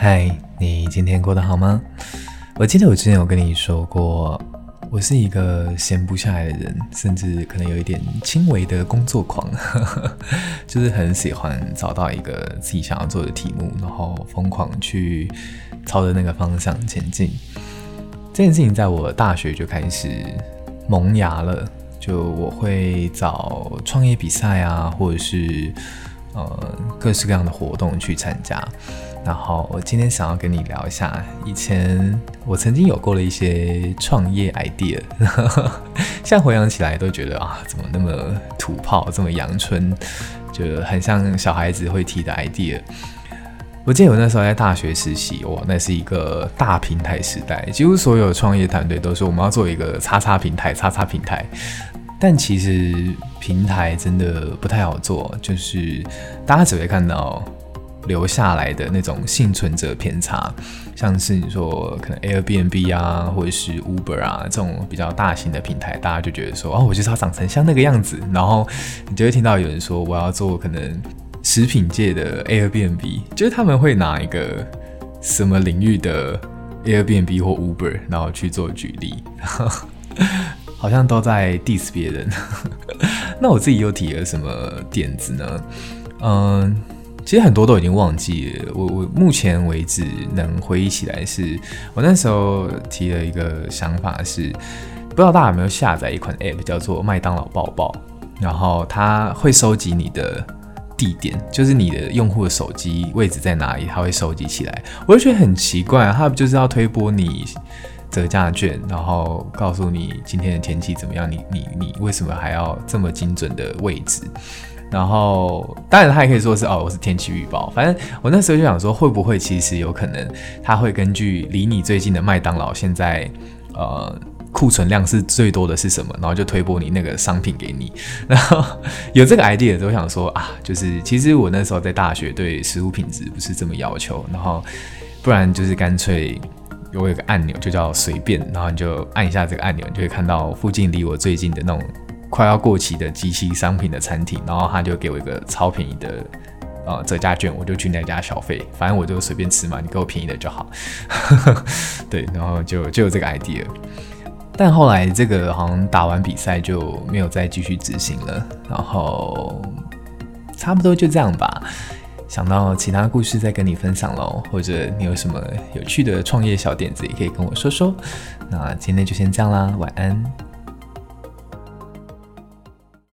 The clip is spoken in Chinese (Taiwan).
嗨，你今天過得好嗎？我記得我之前有跟你說過，我是一個閒不下來的人，甚至可能有一點輕微的工作狂， 就是很喜歡找到一個自己想要做的題目，然後瘋狂去朝着那個方向前進。這件事情在我大學就開始萌芽了，就我會找創業比賽啊，或者是呃各式各樣的活動去參加。然後我今天想要跟你聊一下，以前我曾經有過的一些創業 idea，現在回想起來都覺得啊，怎麼那麼土炮？這麼陽春，就很像小孩子會提的 idea。我記得我那時候在大學實習，哦，那是一個大平台時代，幾乎所有創業團隊都說我們要做一個叉叉平台，叉叉平台。但其實平台真的不太好做，就是大家只會看到。留下來的那種幸存者偏差，像是你說可能 Airbnb 啊，或者是 Uber 啊這種比較大型的平台，大家就覺得說哦，我覺得它長成像那個樣子。然後你就會聽到有人說我要做可能食品界的 Airbnb，就是他們會拿一個什麼領域的 Airbnb 或 Uber 然後去做舉例， 好像都在 dis 別人。 那我自己又提了什麼點子呢？嗯。其實很多都已經忘記了，我我目前為止能回憶起來是，我那時候提了一個想法是，不知道大家有沒有下載一款 app 叫做麥當勞報報，然後它會收集你的地點，就是你的用戶的手機位置在哪裡，它會收集起來，我就覺得很奇怪，它不就是要推播你折價券，然後告訴你今天的天氣怎麼樣，你你你為什麼還要這麼精準的位置？然後，當然，他也可以說是哦，我是天氣預報。反正我那時候就想說，會不會其實有可能，他會根據離你最近的麥當勞現在，呃，庫存量是最多的是什麼，然後就推播你那個商品給你。然後有這個 idea 的時候我想說啊，就是其實我那時候在大學對食物品質不是這麼要求。然後不然就是乾脆我有一個按鈕就叫隨便，然後你就按一下這個按鈕，你就會看到附近離我最近的那種。快要過期的即期商品的餐廳，然後他就給我一個超便宜的呃折價券，我就去那家消費，反正我就隨便吃嘛，你給我便宜的就好。 對，然後就就有這個 idea，但後來這個好像打完比賽就沒有再繼續執行了，然後差不多就這樣吧。想到其他故事再跟你分享嘍，或者你有什麼有趣的創業小點子也可以跟我說說。那今天就先這樣啦，晚安。